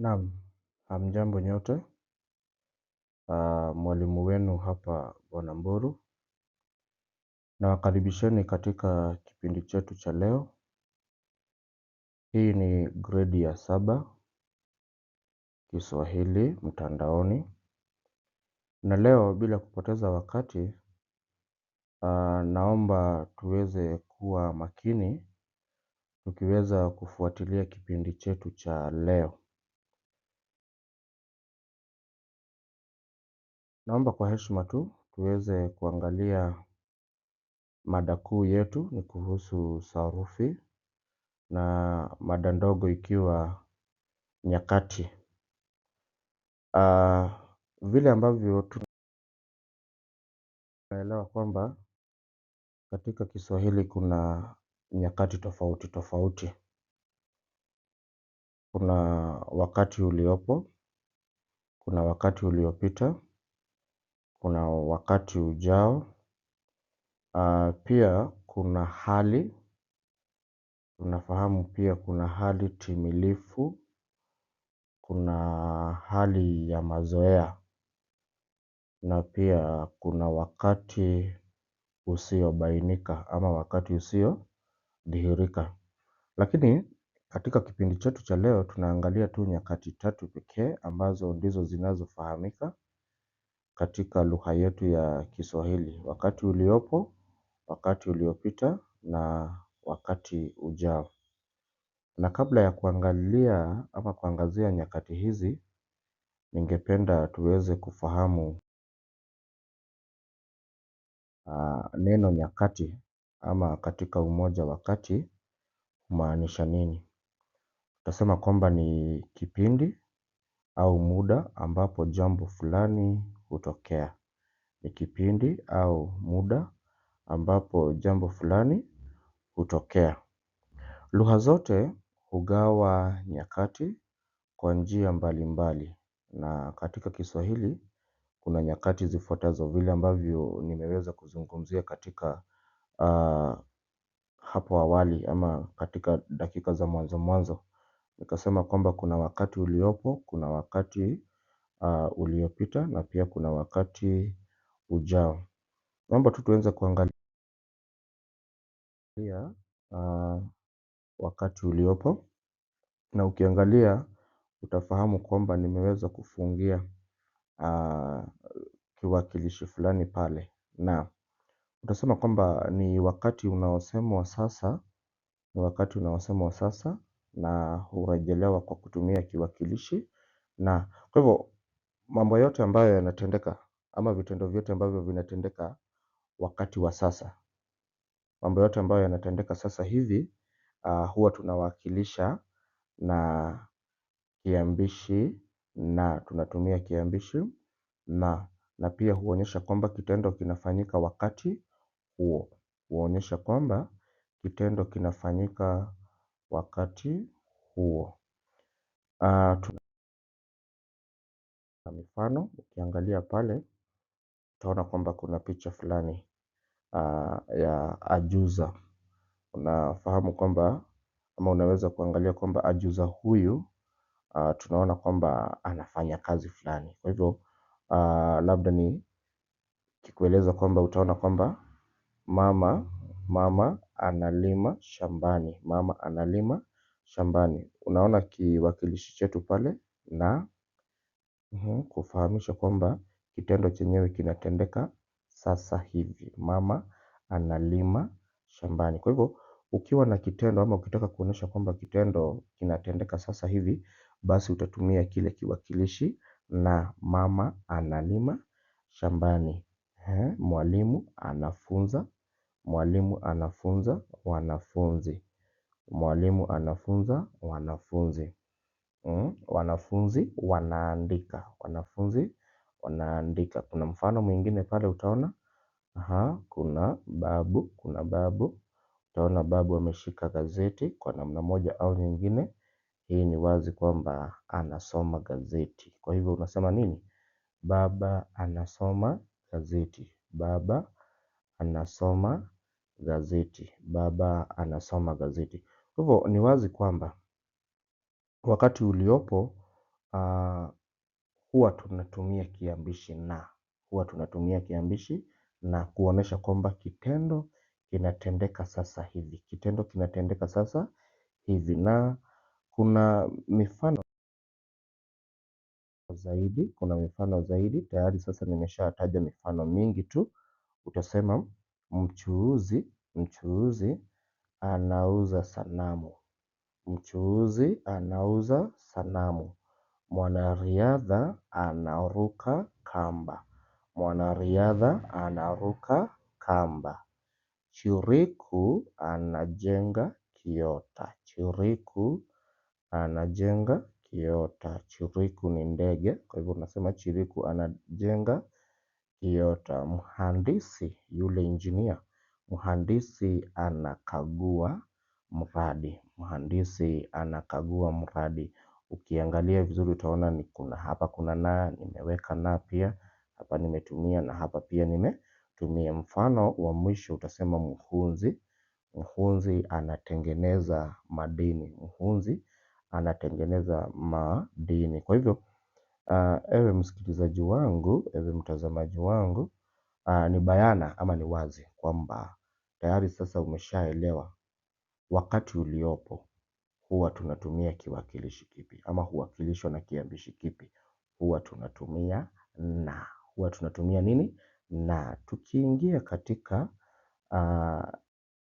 Naam, hamjambo nyote, ah, mwalimu wenu hapa Bwana Mburu, nawakaribisheni katika kipindi chetu cha leo. Hii ni gredi ya saba Kiswahili mtandaoni, na leo bila kupoteza wakati, ah, naomba tuweze kuwa makini tukiweza kufuatilia kipindi chetu cha leo. Naomba kwa heshima tu, tuweze kuangalia mada kuu yetu ni kuhusu sarufi na mada ndogo ikiwa nyakati. Ah, vile ambavyo tunaelewa kwamba katika kiswahili kuna nyakati tofauti tofauti. Kuna wakati uliopo, kuna wakati uliopita, kuna wakati ujao, ah, pia kuna hali, tunafahamu pia kuna hali timilifu, kuna hali ya mazoea, na pia kuna wakati usiobainika ama wakati usiodhihirika. Lakini katika kipindi chetu cha leo tunaangalia tu nyakati tatu pekee ambazo ndizo zinazofahamika katika lugha yetu ya Kiswahili, wakati uliopo, wakati uliopita na wakati ujao. Na kabla ya kuangalia ama kuangazia nyakati hizi, ningependa tuweze kufahamu uh, neno nyakati ama katika umoja wakati humaanisha nini? Tutasema kwamba ni kipindi au muda ambapo jambo fulani hutokea. Ni kipindi au muda ambapo jambo fulani hutokea. Lugha zote hugawa nyakati kwa njia mbalimbali na katika Kiswahili kuna nyakati zifuatazo vile ambavyo nimeweza kuzungumzia katika hapo awali ama katika dakika za mwanzo mwanzo. Nikasema kwamba kuna wakati uliopo, kuna wakati Uh, uliopita na pia kuna wakati ujao. Naomba tu tuweze kuangalia uh, wakati uliopo na ukiangalia utafahamu kwamba nimeweza kufungia uh, kiwakilishi fulani pale, na utasema kwamba ni wakati unaosemwa sasa, ni wakati unaosemwa sasa na hurejelewa kwa kutumia kiwakilishi na kwa hivyo mambo yote ambayo yanatendeka ama vitendo vyote ambavyo vinatendeka wakati wa sasa, mambo yote ambayo yanatendeka sasa hivi uh, huwa tunawakilisha na kiambishi na, tunatumia kiambishi na, na pia huonyesha kwamba kitendo kinafanyika wakati huo, huonyesha kwamba kitendo kinafanyika wakati huo uh, katika mifano. Ukiangalia pale utaona kwamba kuna picha fulani uh, ya ajuza. Unafahamu kwamba ama unaweza kuangalia kwamba ajuza huyu uh, tunaona kwamba anafanya kazi fulani. Kwa hivyo uh, labda ni kikueleza kwamba utaona kwamba mama mama analima shambani, mama analima shambani. Unaona kiwakilishi chetu pale na Mhm, kufahamisha kwamba kitendo chenyewe kinatendeka sasa hivi. Mama analima shambani. Kwa hivyo ukiwa na kitendo ama ukitaka kuonyesha kwamba kitendo kinatendeka sasa hivi, basi utatumia kile kiwakilishi na mama analima shambani. Mwalimu anafunza, mwalimu anafunza, wanafunzi. Mwalimu anafunza, wanafunzi. Mm, wanafunzi wanaandika, wanafunzi wanaandika. Kuna mfano mwingine pale utaona. Aha, kuna babu, kuna babu. Utaona babu ameshika gazeti kwa namna moja au nyingine. Hii ni wazi kwamba anasoma gazeti. Kwa hivyo unasema nini? Baba anasoma gazeti. Baba anasoma gazeti. Baba anasoma gazeti. Kwa hivyo ni wazi kwamba wakati uliopo uh, huwa tunatumia kiambishi na, huwa tunatumia kiambishi na kuonesha kwamba kitendo kinatendeka sasa hivi, kitendo kinatendeka sasa hivi. Na kuna mifano zaidi, kuna mifano zaidi tayari. Sasa nimeshataja mifano mingi tu. Utasema mchuuzi, mchuuzi anauza sanamu Mchuuzi anauza sanamu. Mwanariadha anaruka kamba. Mwanariadha anaruka kamba. Chiriku anajenga kiota. Chiriku anajenga kiota. Chiriku ni ndege kwa hivyo unasema chiriku anajenga kiota. Mhandisi yule engineer mhandisi anakagua mradi. Mhandisi anakagua mradi. Ukiangalia vizuri utaona ni kuna hapa kuna na nimeweka na pia hapa nimetumia na hapa pia nimetumia. Mfano wa mwisho utasema mhunzi. Mhunzi anatengeneza madini. Mhunzi anatengeneza madini. Kwa hivyo, ewe msikilizaji wangu, ewe mtazamaji wangu, ni bayana ama ni wazi kwamba tayari sasa umeshaelewa wakati uliopo huwa tunatumia kiwakilishi kipi ama huwakilishwa na kiambishi kipi huwa tunatumia na. Huwa tunatumia nini? Na tukiingia katika ah,